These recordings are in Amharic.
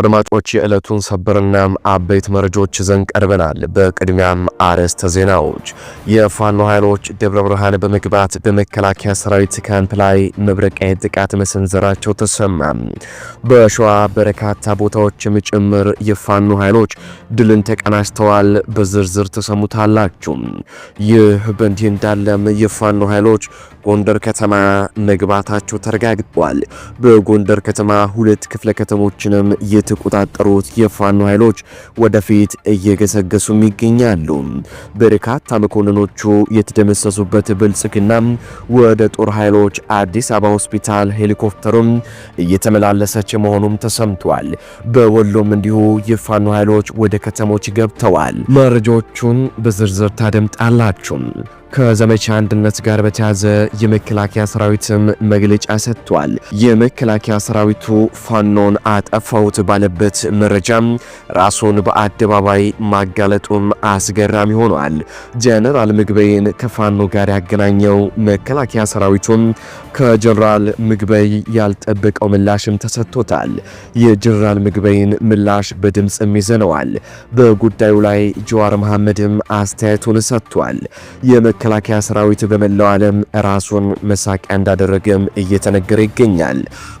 አድማጮች የዕለቱን ሰበርና አበይት መረጃዎች ይዘን ቀርበናል። በቅድሚያም አርዕስተ ዜናዎች። የፋኖ ኃይሎች ደብረ ብርሃን በመግባት በመከላከያ ሰራዊት ካምፕ ላይ መብረቃዊ ጥቃት መሰንዘራቸው ተሰማ። በሸዋ በርካታ ቦታዎችም ጭምር የፋኖ ኃይሎች ድልን ተቀናጅተዋል። በዝርዝር ተሰሙታላችሁ። ይህ በእንዲህ እንዳለም የፋኖ ኃይሎች ጎንደር ከተማ መግባታቸው ተረጋግጧል። በጎንደር ከተማ ሁለት ክፍለ ከተሞችንም የተቆጣጠሩት የፋኖ ኃይሎች ወደፊት እየገሰገሱም ይገኛሉ። በርካታ መኮንኖቹ የተደመሰሱበት ብልጽግና ወደ ጦር ኃይሎች አዲስ አበባ ሆስፒታል ሄሊኮፕተሩም እየተመላለሰች መሆኑም ተሰምቷል። በወሎም እንዲሁ የፋኖ ኃይሎች ወደ ከተሞች ገብተዋል። መረጃዎቹን በዝርዝር ታደምጣላችሁ። ከዘመቻ አንድነት ጋር በተያዘ የመከላከያ ሰራዊትም መግለጫ ሰጥቷል። የመከላከያ ሰራዊቱ ፋኖን አጠፋውት ባለበት መረጃም ራሱን በአደባባይ ማጋለጡም አስገራሚ ሆኗል። ጀነራል ምግበይን ከፋኖ ጋር ያገናኘው መከላከያ ሰራዊቱም ከጀነራል ምግበይ ያልጠበቀው ምላሽም ተሰጥቶታል። የጀነራል ምግበይን ምላሽ በድምፅም ይዘነዋል። በጉዳዩ ላይ ጀዋር መሐመድም አስተያየቱን ሰጥቷል። መከላከያ ሰራዊት በመላው ዓለም ራሱን መሳቂያ እንዳደረገም እየተነገረ ይገኛል።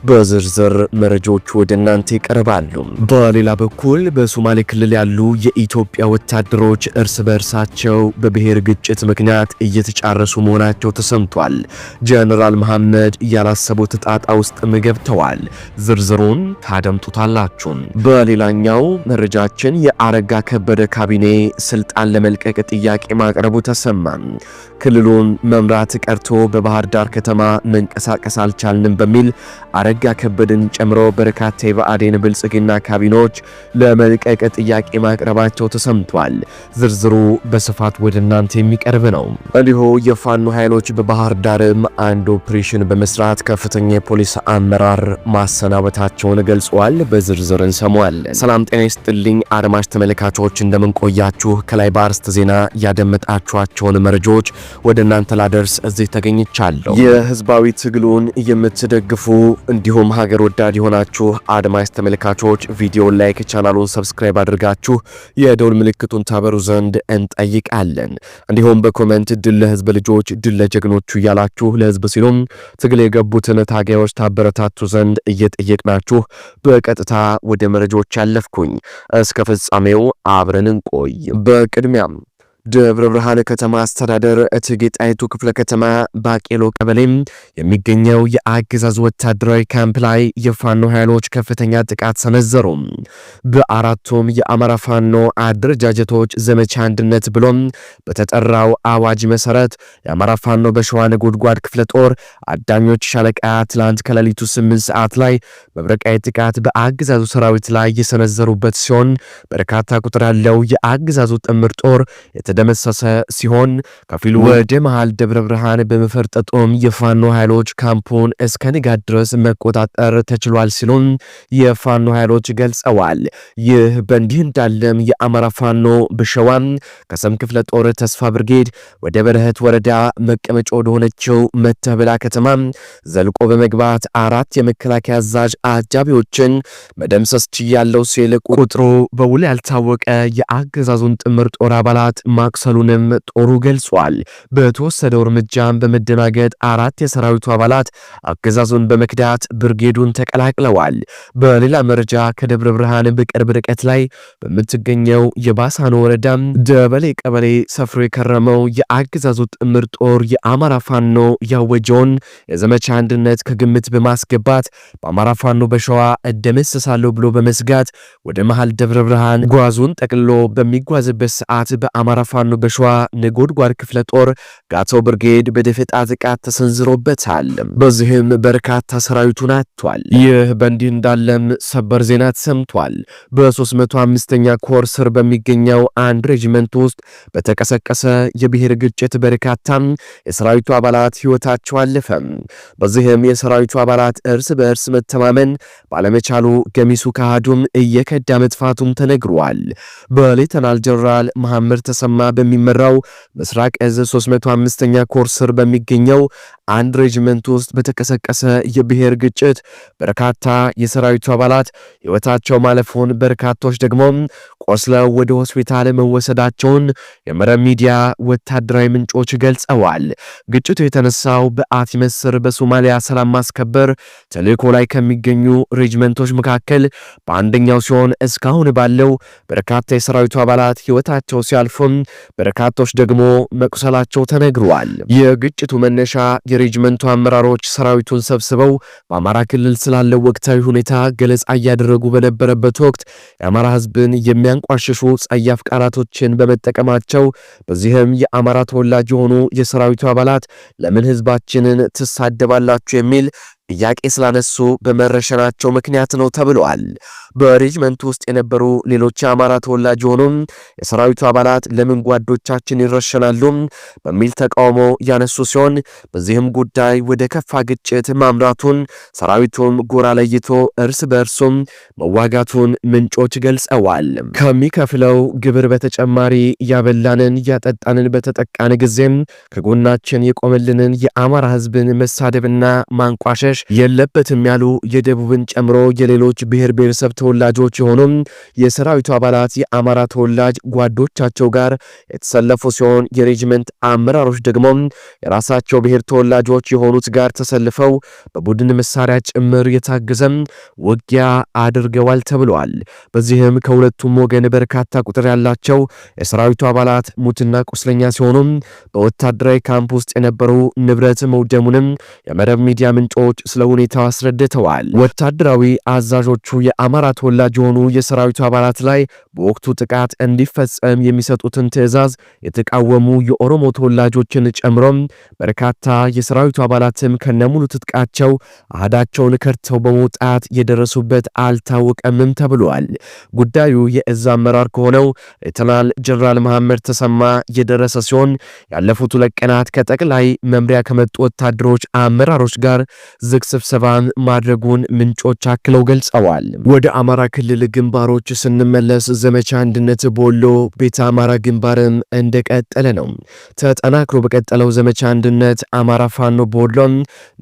በዝርዝር መረጃዎቹ ወደ እናንተ ይቀርባሉ። በሌላ በኩል በሶማሌ ክልል ያሉ የኢትዮጵያ ወታደሮች እርስ በእርሳቸው በብሔር ግጭት ምክንያት እየተጫረሱ መሆናቸው ተሰምቷል። ጀነራል መሐመድ ያላሰቡት ጣጣ ውስጥም ገብተዋል። ዝርዝሩን ታደምጡታላችሁ። በሌላኛው መረጃችን የአረጋ ከበደ ካቢኔ ስልጣን ለመልቀቅ ጥያቄ ማቅረቡ ተሰማ። ክልሉን መምራት ቀርቶ በባህር ዳር ከተማ መንቀሳቀስ አልቻልንም በሚል አረጋ ከበድን ጨምሮ በርካታ የብአዴን ብልጽግና ካቢኖች ለመልቀቅ ጥያቄ ማቅረባቸው ተሰምቷል። ዝርዝሩ በስፋት ወደ እናንተ የሚቀርብ ነው። እንዲሁ የፋኖ ኃይሎች በባህር ዳርም አንድ ኦፕሬሽን በመስራት ከፍተኛ የፖሊስ አመራር ማሰናበታቸውን ገልጸዋል። በዝርዝር እንሰማዋለን። ሰላም ጤና ይስጥልኝ አድማጭ ተመልካቾች እንደምንቆያችሁ ከላይ በአርስተ ዜና ያደመጣችኋቸውን መረጃ መረጃዎች ወደ እናንተ ላደርስ እዚህ ተገኝቻለሁ። የህዝባዊ ትግሉን የምትደግፉ እንዲሁም ሀገር ወዳድ የሆናችሁ አድማጭ ተመልካቾች ቪዲዮ ላይክ፣ ቻናሉን ሰብስክራይብ አድርጋችሁ የደውል ምልክቱን ታበሩ ዘንድ እንጠይቃለን። እንዲሁም በኮመንት ድል ለህዝብ ልጆች፣ ድል ለጀግኖቹ እያላችሁ ለህዝብ ሲሉም ትግል የገቡትን ታጋዮች ታበረታቱ ዘንድ እየጠየቅናችሁ በቀጥታ ወደ መረጃዎች ያለፍኩኝ እስከ ፍጻሜው አብረን እንቆይ። በቅድሚያም ደብረ ብርሃን ከተማ አስተዳደር እቴጌ ጣይቱ ክፍለ ከተማ ባቄሎ ቀበሌ የሚገኘው የአገዛዝ ወታደራዊ ካምፕ ላይ የፋኖ ኃይሎች ከፍተኛ ጥቃት ሰነዘሩ። በአራቱም የአማራ ፋኖ አደረጃጀቶች ዘመቻ አንድነት ብሎም በተጠራው አዋጅ መሰረት የአማራ ፋኖ በሸዋ ነጎድጓድ ክፍለ ጦር አዳኞች ሻለቃ ትላንት ከሌሊቱ 8 ሰዓት ላይ መብረቃዊ ጥቃት በአገዛዙ ሰራዊት ላይ የሰነዘሩበት ሲሆን በርካታ ቁጥር ያለው የአገዛዙ ጥምር ጦር የተደመሰሰ ሲሆን ከፊሉ ወደ መሃል ደብረ ብርሃን በመፈርጠጡም የፋኖ ኃይሎች ካምፑን እስከ ንጋት ድረስ መቆጣጠር ተችሏል ሲሉም የፋኖ ኃይሎች ገልጸዋል። ይህ በእንዲህ እንዳለም የአማራ ፋኖ ብሸዋም ከሰም ክፍለ ጦር ተስፋ ብርጌድ ወደ በረህት ወረዳ መቀመጫ ወደሆነችው መተብላ ከተማ ዘልቆ በመግባት አራት የመከላከያ አዛዥ አጃቢዎችን መደምሰስ ችያለው ሲል ቁጥሩ በውል ያልታወቀ የአገዛዙን ጥምር ጦር አባላት ማክሰሉንም ጦሩ ገልጿል። በተወሰደው እርምጃም በመደናገጥ አራት የሰራዊቱ አባላት አገዛዙን በመክዳት ብርጌዱን ተቀላቅለዋል። በሌላ መረጃ ከደብረ ብርሃን በቅርብ ርቀት ላይ በምትገኘው የባሳኖ ወረዳም ደበሌ ቀበሌ ሰፍሮ የከረመው የአገዛዙ ጥምር ጦር የአማራ ፋኖ ያወጀውን የዘመቻ አንድነት ከግምት በማስገባት በአማራ ፋኖ በሸዋ እደመስሳለሁ ብሎ በመስጋት ወደ መሃል ደብረ ብርሃን ጓዙን ጠቅልሎ በሚጓዝበት ሰዓት በአማራ ፋኖ በሸዋ ነጎድጓድ ክፍለ ጦር ጋቶ ብርጌድ በደፈጣ ጥቃት ተሰንዝሮበታል። በዚህም በርካታ ሰራዊቱን አጥቷል። ይህ በእንዲህ እንዳለም ሰበር ዜና ተሰምቷል። በ305ኛ ኮር ስር በሚገኘው አንድ ሬጅመንት ውስጥ በተቀሰቀሰ የብሔር ግጭት በርካታ የሰራዊቱ አባላት ሕይወታቸው አለፈ። በዚህም የሰራዊቱ አባላት እርስ በእርስ መተማመን ባለመቻሉ ገሚሱ ካሃዱም እየከዳ መጥፋቱም ተነግሯል። በሌተናል ጀነራል መሐመድ ተሰማ በሚመራው ምስራቅ እዝ 35 ኛ ኮር ስር በሚገኘው አንድ ሬጅመንት ውስጥ በተቀሰቀሰ የብሔር ግጭት በርካታ የሰራዊቱ አባላት ሕይወታቸው ማለፉን በርካቶች ደግሞ ቆስለው ወደ ሆስፒታል መወሰዳቸውን የመረብ ሚዲያ ወታደራዊ ምንጮች ገልጸዋል። ግጭቱ የተነሳው በአፊመስር መስር በሶማሊያ ሰላም ማስከበር ተልዕኮ ላይ ከሚገኙ ሬጅመንቶች መካከል በአንደኛው ሲሆን እስካሁን ባለው በርካታ የሰራዊቱ አባላት ሕይወታቸው ሲያልፉም በርካቶች ደግሞ መቁሰላቸው ተነግሯል። የግጭቱ መነሻ የሬጅመንቱ አመራሮች ሰራዊቱን ሰብስበው በአማራ ክልል ስላለው ወቅታዊ ሁኔታ ገለጻ እያደረጉ በነበረበት ወቅት የአማራ ህዝብን የሚያንቋሽሹ ጸያፍ ቃላቶችን በመጠቀማቸው በዚህም የአማራ ተወላጅ የሆኑ የሰራዊቱ አባላት ለምን ህዝባችንን ትሳደባላችሁ የሚል ጥያቄ ስላነሱ በመረሸናቸው ምክንያት ነው ተብለዋል። በሬጅመንት ውስጥ የነበሩ ሌሎች የአማራ ተወላጅ የሆኑም የሰራዊቱ አባላት ለምን ጓዶቻችን ይረሸናሉ በሚል ተቃውሞ ያነሱ ሲሆን በዚህም ጉዳይ ወደ ከፋ ግጭት ማምራቱን ሰራዊቱም ጎራ ለይቶ እርስ በእርሱም መዋጋቱን ምንጮች ገልጸዋል። ከሚከፍለው ግብር በተጨማሪ ያበላንን ያጠጣንን በተጠቃን ጊዜም ከጎናችን የቆመልንን የአማራ ሕዝብን መሳደብና ማንቋሸሽ መሸሽ የለበትም ያሉ የደቡብን ጨምሮ የሌሎች ብሔር ብሔረሰብ ተወላጆች የሆኑም የሰራዊቱ አባላት የአማራ ተወላጅ ጓዶቻቸው ጋር የተሰለፉ ሲሆን የሬጅመንት አመራሮች ደግሞ የራሳቸው ብሔር ተወላጆች የሆኑት ጋር ተሰልፈው በቡድን መሳሪያ ጭምር የታገዘም ውጊያ አድርገዋል ተብለዋል። በዚህም ከሁለቱም ወገን በርካታ ቁጥር ያላቸው የሰራዊቱ አባላት ሙትና ቁስለኛ ሲሆኑም በወታደራዊ ካምፕ ውስጥ የነበሩ ንብረት መውደሙንም የመረብ ሚዲያ ምንጮች ስለ ሁኔታው አስረድተዋል። ወታደራዊ አዛዦቹ የአማራ ተወላጅ የሆኑ የሰራዊቱ አባላት ላይ በወቅቱ ጥቃት እንዲፈጸም የሚሰጡትን ትዕዛዝ የተቃወሙ የኦሮሞ ተወላጆችን ጨምሮም በርካታ የሰራዊቱ አባላትም ከነሙሉ ትጥቃቸው አህዳቸውን ከርተው በመውጣት የደረሱበት አልታወቀምም ተብሏል። ጉዳዩ የእዝ አመራር ከሆነው ሌተናል ጀነራል መሐመድ ተሰማ የደረሰ ሲሆን ያለፉት ሁለት ቀናት ከጠቅላይ መምሪያ ከመጡ ወታደሮች አመራሮች ጋር ዝግ ስብሰባን ማድረጉን ምንጮች አክለው ገልጸዋል። ወደ አማራ ክልል ግንባሮች ስንመለስ ዘመቻ አንድነት በወሎ ቤተ አማራ ግንባርም እንደቀጠለ ነው። ተጠናክሮ በቀጠለው ዘመቻ አንድነት አማራ ፋኖ በወሎም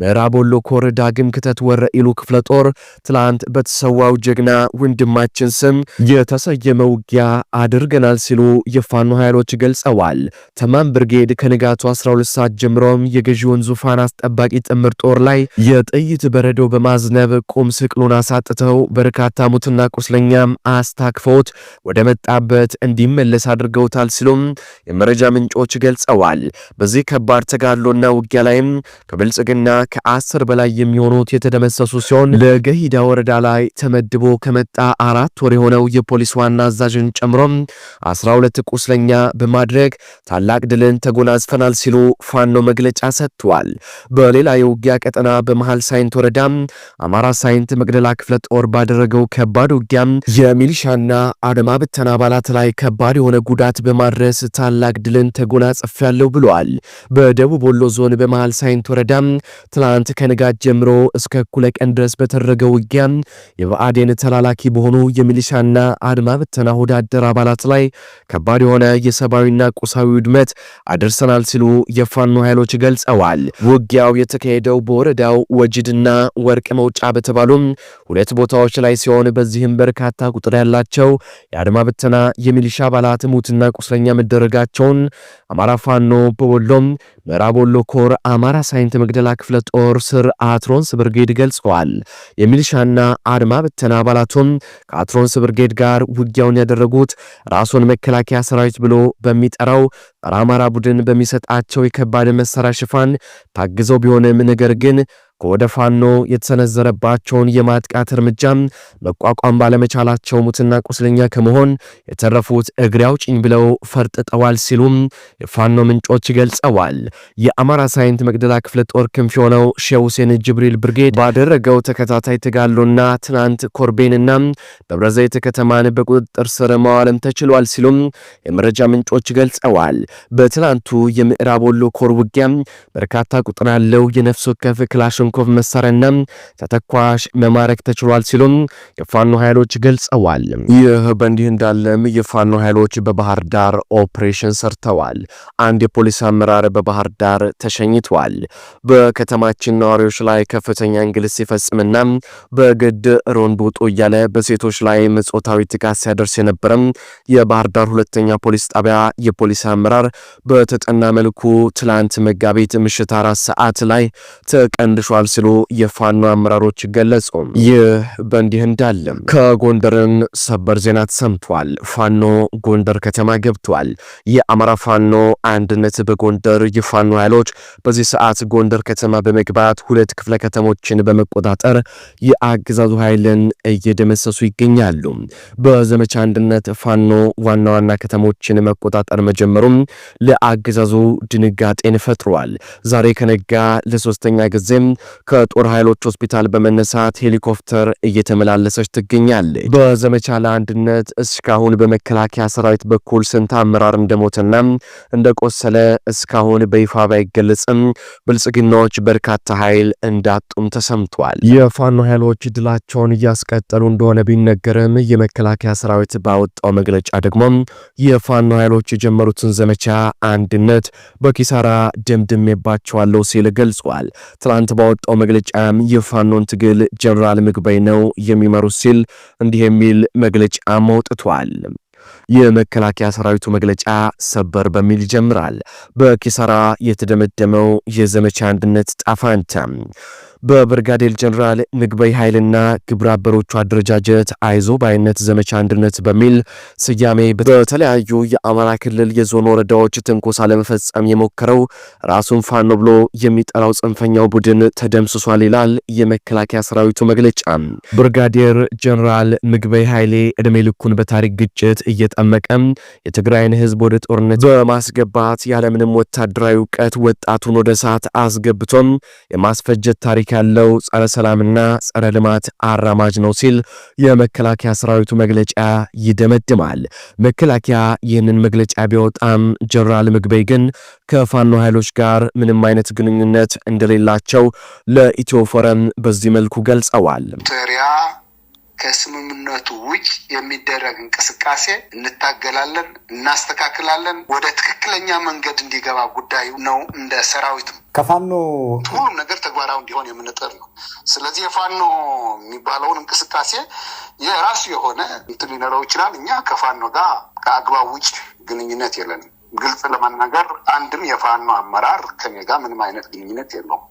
ምዕራብ ወሎ ኮር ዳግም ክተት ወረ ኢሉ ክፍለ ጦር ትላንት በተሰዋው ጀግና ወንድማችን ስም የተሰየመ ውጊያ አድርገናል ሲሉ የፋኖ ኃይሎች ገልጸዋል። ተማም ብርጌድ ከንጋቱ 12 ሰዓት ጀምሮም የገዢውን ዙፋን አስጠባቂ ጥምር ጦር ላይ በጥይት በረዶ በማዝነብ ቁም ስቅሉን አሳጥተው በርካታ ሙትና ቁስለኛም አስታክፎት ወደ መጣበት እንዲመለስ አድርገውታል ሲሉም የመረጃ ምንጮች ገልጸዋል። በዚህ ከባድ ተጋድሎና ውጊያ ላይም ከብልጽግና ከአስር በላይ የሚሆኑት የተደመሰሱ ሲሆን ለገሂዳ ወረዳ ላይ ተመድቦ ከመጣ አራት ወር የሆነው የፖሊስ ዋና አዛዥን ጨምሮም 12 ቁስለኛ በማድረግ ታላቅ ድልን ተጎናዝፈናል ሲሉ ፋኖ መግለጫ ሰጥቷል። በሌላ የውጊያ ቀጠና በመሃል መሃል ሳይንት ወረዳ አማራ ሳይንት መቅደላ ክፍለ ጦር ባደረገው ከባድ ውጊያ የሚሊሻና አድማ ብተና አባላት ላይ ከባድ የሆነ ጉዳት በማድረስ ታላቅ ድልን ተጎናጽፌያለሁ ብለዋል። በደቡብ ወሎ ዞን በመሃል ሳይንት ወረዳ ትላንት ከንጋት ጀምሮ እስከ እኩለ ቀን ድረስ በተደረገ ውጊያ የብአዴን ተላላኪ በሆኑ የሚሊሻና አድማ ብተና ወዳደር አባላት ላይ ከባድ የሆነ የሰብአዊና ቁሳዊ ውድመት አድርሰናል ሲሉ የፋኖ ኃይሎች ገልጸዋል። ውጊያው የተካሄደው በወረዳው ወጅድና ወርቅ መውጫ በተባሉም ሁለት ቦታዎች ላይ ሲሆን በዚህም በርካታ ቁጥር ያላቸው የአድማ ብተና የሚሊሻ አባላት ሙትና ቁስለኛ መደረጋቸውን አማራ ፋኖ በወሎም ምዕራብ ወሎ ኮር አማራ ሳይንት መግደላ ክፍለ ጦር ስር አትሮንስ ብርጌድ ገልጸዋል። የሚሊሻና አድማ ብተና አባላቱም ከአትሮንስ ብርጌድ ጋር ውጊያውን ያደረጉት ራሱን መከላከያ ሰራዊት ብሎ በሚጠራው ጸረ አማራ ቡድን በሚሰጣቸው የከባድ መሳሪያ ሽፋን ታግዘው ቢሆንም ነገር ግን ከወደ ፋኖ የተሰነዘረባቸውን የማጥቃት እርምጃ መቋቋም ባለመቻላቸው ሙትና ቁስለኛ ከመሆን የተረፉት እግሬ አውጭኝ ብለው ፈርጥጠዋል ሲሉም የፋኖ ምንጮች ገልጸዋል። የአማራ ሳይንት መቅደላ ክፍለ ጦር ክንፍ የሆነው ሼህ ሁሴን ጅብሪል ብርጌድ ባደረገው ተከታታይ ትጋሎና ትናንት ኮርቤንና ደብረዘይት ከተማን በቁጥጥር ስር ማዋልም ተችሏል ሲሉም የመረጃ ምንጮች ገልጸዋል። በትናንቱ የምዕራብ ወሎ ኮር ውጊያ በርካታ ቁጥር ያለው የነፍስ ወከፍ ክላሽን ክላሽንኮቭ መሳሪያና ተተኳሽ መማረክ ተችሏል ሲሉ የፋኖ ኃይሎች ገልጸዋል። ይህ በእንዲህ እንዳለም የፋኖ ኃይሎች በባህር ዳር ኦፕሬሽን ሰርተዋል። አንድ የፖሊስ አመራር በባህር ዳር ተሸኝቷል። በከተማችን ነዋሪዎች ላይ ከፍተኛ እንግልት ሲፈጽምና በግድ ሮንድ ውጡ እያለ በሴቶች ላይ ጾታዊ ጥቃት ሲያደርስ የነበረም የባህር ዳር ሁለተኛ ፖሊስ ጣቢያ የፖሊስ አመራር በተጠና መልኩ ትላንት መጋቢት ምሽት አራት ሰዓት ላይ ተቀንድሿል ይገባል ሲሉ የፋኖ አመራሮች ገለጹ። ይህ በእንዲህ እንዳለም ከጎንደርን ሰበር ዜና ተሰምቷል። ፋኖ ጎንደር ከተማ ገብቷል። የአማራ ፋኖ አንድነት በጎንደር የፋኖ ኃይሎች በዚህ ሰዓት ጎንደር ከተማ በመግባት ሁለት ክፍለ ከተሞችን በመቆጣጠር የአገዛዙ ኃይልን እየደመሰሱ ይገኛሉ። በዘመቻ አንድነት ፋኖ ዋና ዋና ከተሞችን መቆጣጠር መጀመሩም ለአገዛዙ ድንጋጤን ፈጥሯል። ዛሬ ከነጋ ለሶስተኛ ጊዜም ከጦር ኃይሎች ሆስፒታል በመነሳት ሄሊኮፕተር እየተመላለሰች ትገኛለች። በዘመቻ ለአንድነት እስካሁን በመከላከያ ሰራዊት በኩል ስንት አመራር እንደሞተና እንደቆሰለ እስካሁን በይፋ ባይገለጽም ብልጽግናዎች በርካታ ኃይል እንዳጡም ተሰምቷል። የፋኖ ኃይሎች ድላቸውን እያስቀጠሉ እንደሆነ ቢነገርም የመከላከያ ሰራዊት ባወጣው መግለጫ ደግሞ የፋኖ ኃይሎች የጀመሩትን ዘመቻ አንድነት በኪሳራ ደምድሜባቸዋለሁ ሲል ገልጿል። ትላንት ባወጣው መግለጫም የፋኖን ትግል ጀነራል ምግበይ ነው የሚመሩት ሲል እንዲህ የሚል መግለጫ አውጥቷል። የመከላከያ ሰራዊቱ መግለጫ ሰበር በሚል ይጀምራል። በኪሳራ የተደመደመው የዘመቻ አንድነት ጣፋንታ በብርጋዴር ጀኔራል ምግበይ ኃይልና ግብረ አበሮቹ አደረጃጀት አይዞ ባይነት ዘመቻ አንድነት በሚል ስያሜ በተለያዩ የአማራ ክልል የዞን ወረዳዎች ትንኮሳ ለመፈጸም የሞከረው ራሱን ፋኖ ብሎ የሚጠራው ጽንፈኛው ቡድን ተደምስሷል ይላል የመከላከያ ሰራዊቱ መግለጫ። ብርጋዴር ጀኔራል ምግበይ ኃይሌ እድሜ ልኩን በታሪክ ግጭት እየጠመቀ የትግራይን ህዝብ ወደ ጦርነት በማስገባት ያለምንም ወታደራዊ እውቀት ወጣቱን ወደ ሰዓት አስገብቶም የማስፈጀት ታሪክ ያለው ጸረ ሰላምና ጸረ ልማት አራማጅ ነው ሲል የመከላከያ ሰራዊቱ መግለጫ ይደመድማል። መከላከያ ይህንን መግለጫ ቢወጣም ጀነራል ምግበይ ግን ከፋኖ ኃይሎች ጋር ምንም አይነት ግንኙነት እንደሌላቸው ለኢትዮ ፎረም በዚህ መልኩ ገልጸዋል። ከስምምነቱ ውጭ የሚደረግ እንቅስቃሴ እንታገላለን፣ እናስተካክላለን። ወደ ትክክለኛ መንገድ እንዲገባ ጉዳዩ ነው። እንደ ሰራዊት ከፋኖ ሁሉም ነገር ተግባራዊ እንዲሆን የምንጥር ነው። ስለዚህ የፋኖ የሚባለውን እንቅስቃሴ የራሱ የሆነ እንትን ሊኖረው ይችላል። እኛ ከፋኖ ጋር ከአግባብ ውጭ ግንኙነት የለንም። ግልጽ ለመናገር አንድም የፋኖ አመራር ከኔ ጋር ምንም አይነት ግንኙነት የለውም።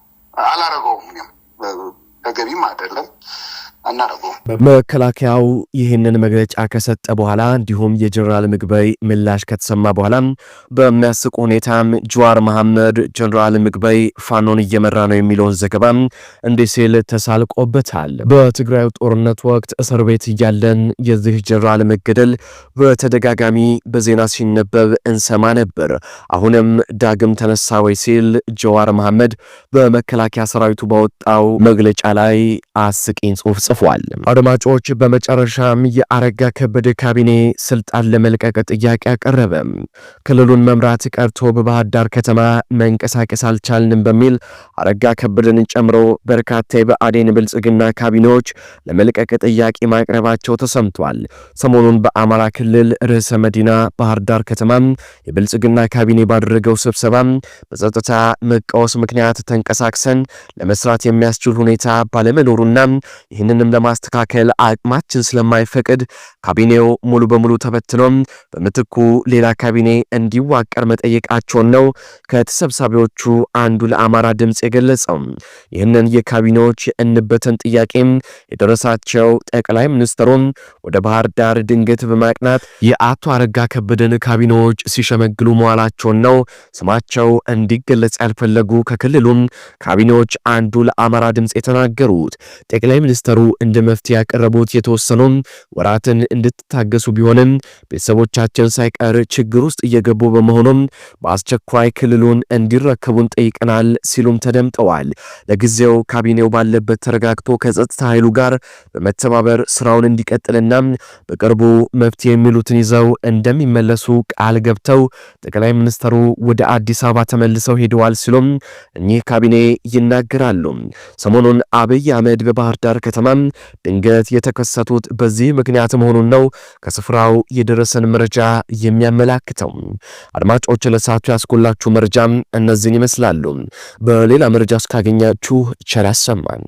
አላረገውም። ተገቢም አይደለም። አናደርገውም። መከላከያው ይህንን መግለጫ ከሰጠ በኋላ እንዲሁም የጀኔራል ምግበይ ምላሽ ከተሰማ በኋላ በሚያስቅ ሁኔታም ጀዋር መሐመድ ጀኔራል ምግበይ ፋኖን እየመራ ነው የሚለውን ዘገባ እንዲህ ሲል ተሳልቆበታል። በትግራዩ ጦርነት ወቅት እስር ቤት እያለን የዚህ ጀኔራል መገደል በተደጋጋሚ በዜና ሲነበብ እንሰማ ነበር። አሁንም ዳግም ተነሳ ወይ ሲል ጀዋር መሐመድ በመከላከያ ሰራዊቱ ባወጣው መግለጫ ላይ አስቂኝ ጽሁፍ ጽፏል። አድማጮች፣ በመጨረሻም የአረጋ ከበደ ካቢኔ ስልጣን ለመልቀቅ ጥያቄ አቀረበም። ክልሉን መምራት ቀርቶ በባህር ዳር ከተማ መንቀሳቀስ አልቻልንም በሚል አረጋ ከበደን ጨምሮ በርካታ የብአዴን ብልጽግና ካቢኔዎች ለመልቀቅ ጥያቄ ማቅረባቸው ተሰምቷል። ሰሞኑን በአማራ ክልል ርዕሰ መዲና ባህር ዳር ከተማ የብልጽግና ካቢኔ ባደረገው ስብሰባ በጸጥታ መቃወስ ምክንያት ተንቀሳቅሰን ለመስራት የሚያስችል ሁኔታ ባለመኖሩና ይህንን ይህንም ለማስተካከል አቅማችን ስለማይፈቅድ ካቢኔው ሙሉ በሙሉ ተበትኖ በምትኩ ሌላ ካቢኔ እንዲዋቀር መጠየቃቸውን ነው ከተሰብሳቢዎቹ አንዱ ለአማራ ድምፅ የገለጸው። ይህንን የካቢኔዎች እንበተን ጥያቄ የደረሳቸው ጠቅላይ ሚኒስትሩም ወደ ባህር ዳር ድንገት በማቅናት የአቶ አረጋ ከበደን ካቢኔዎች ሲሸመግሉ መዋላቸውን ነው ስማቸው እንዲገለጽ ያልፈለጉ ከክልሉም ካቢኔዎች አንዱ ለአማራ ድምፅ የተናገሩት። ጠቅላይ ሚኒስትሩ እንደ መፍትሄ ያቀረቡት የተወሰኑ ወራትን እንድትታገሱ ቢሆንም ቤተሰቦቻችን ሳይቀር ችግር ውስጥ እየገቡ በመሆኑም በአስቸኳይ ክልሉን እንዲረከቡን ጠይቀናል ሲሉም ተደምጠዋል። ለጊዜው ካቢኔው ባለበት ተረጋግቶ ከጸጥታ ኃይሉ ጋር በመተባበር ስራውን እንዲቀጥልና በቅርቡ መፍትሄ የሚሉትን ይዘው እንደሚመለሱ ቃል ገብተው ጠቅላይ ሚኒስትሩ ወደ አዲስ አበባ ተመልሰው ሄደዋል ሲሉም እኚህ ካቢኔ ይናገራሉ። ሰሞኑን አብይ አህመድ በባህር ዳር ከተማ ። ድንገት የተከሰቱት በዚህ ምክንያት መሆኑን ነው ከስፍራው የደረሰን መረጃ የሚያመላክተው። አድማጮች ለሳቱ ያስኮላችሁ መረጃም እነዚህን ይመስላሉ። በሌላ መረጃ እስካገኛችሁ ቸር ያሰማን።